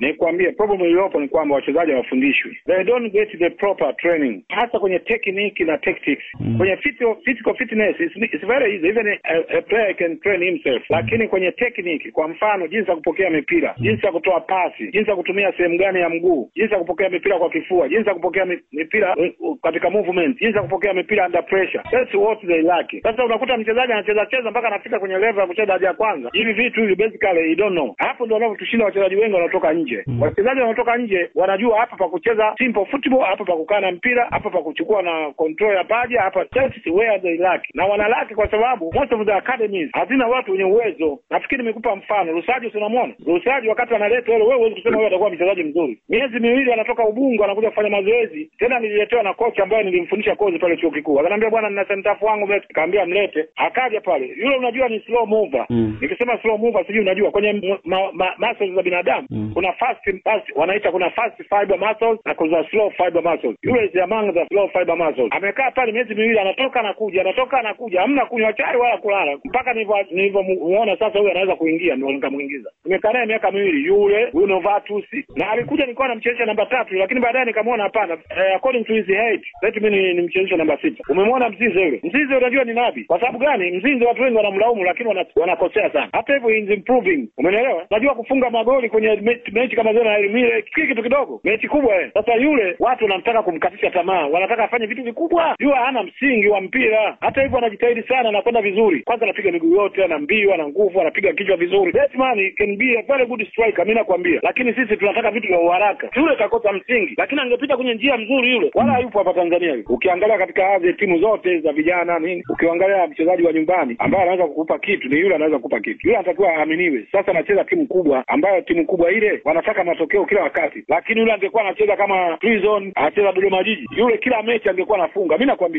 Nikwambie problem iliyopo ni kwamba wachezaji hawafundishwi, they don't get the proper training, hasa kwenye technique na tactics mm. Kwenye physical, physical fitness it's very easy even a, a player can train himself, mm. lakini kwenye technique, kwa mfano jinsi ya kupokea mipira, mm. jinsi ya kutoa pasi, jinsi ya kutumia sehemu gani ya mguu, jinsi ya kupokea mipira kwa kifua, jinsi ya kupokea mipira uh, uh, katika movement, jinsi ya kupokea mipira under pressure, that's what they lack. Sasa unakuta mchezaji anacheza cheza mpaka anafika kwenye level ya kucheza haja ya kwanza, hivi vitu hivi basically he don't know. Hapo ndo wanapotushinda wachezaji wengi wanaotoka nje nje mm. Wachezaji wanaotoka nje wanajua hapa pa kucheza simple football, hapa pa kukaa na mpira, hapa pa kuchukua na control ya paja, hapa that's where they lack, na wanalaki kwa sababu most of the academies hazina watu wenye uwezo. Nafikiri nimekupa mfano Rusaji, tunamwona Rusaji wakati analeta ile, wewe huwezi kusema wewe atakuwa mchezaji mzuri. Miezi miwili anatoka Ubungo anakuja kufanya mazoezi tena, nililetewa na kocha ambaye nilimfundisha kozi pale chuo kikuu, akaniambia bwana, nina sentafu wangu mlete, kaambia mlete, akaja pale. Yule unajua ni slow mover mm. Nikisema slow mover sijui unajua kwenye ma, ma, muscles za binadamu mm. kuna fast wanaita kuna fast fiber muscles na kuna slow fiber muscles. Yule is among the slow fiber muscles. Amekaa pale miezi miwili, anatoka na kuja, anatoka na kuja, hamna kunywa chai wala kulala, mpaka nilivyomuona sasa huyu anaweza kuingia, ndio nikamuingiza. Nimekaa naye miaka miwili yule huyu Novatus, na alikuja nilikuwa namchezesha namba tatu, lakini baadaye nikamwona hapana, eh, according to his height let me nimchezesha namba sita. Umemwona Mzize yule? Mzize unajua ni nabi. Kwa sababu gani? Mzize watu wengi wanamlaumu, lakini wanakosea sana. Hata hivyo improving, Umeelewa? Najua kufunga magoli kwenye mechi kama zile na Al kile kitu kidogo, mechi kubwa eh. Sasa yule watu wanataka kumkatisha tamaa, wanataka afanye vitu vikubwa. jua hana msingi wa mpira. Hata hivyo anajitahidi sana, anakwenda vizuri. Kwanza anapiga miguu yote, ana mbio, ana nguvu, anapiga kichwa vizuri. That man can be a very good striker, mimi nakwambia, lakini sisi tunataka vitu vya uharaka. Yule kakosa msingi, lakini angepita kwenye njia mzuri yule, wala hayupo hapa Tanzania. Ukiangalia katika hadhi timu zote za vijana nini, ukiangalia mchezaji wa nyumbani ambaye anaweza kukupa kitu ni yule, anaweza kukupa kitu yule, anatakiwa aaminiwe. Sasa anacheza timu kubwa ambayo timu kubwa ile wanataka matokeo kila wakati, lakini yule angekuwa anacheza kama Prison anacheza Dodoma Jiji, yule kila mechi angekuwa anafunga. Mi nakwambia.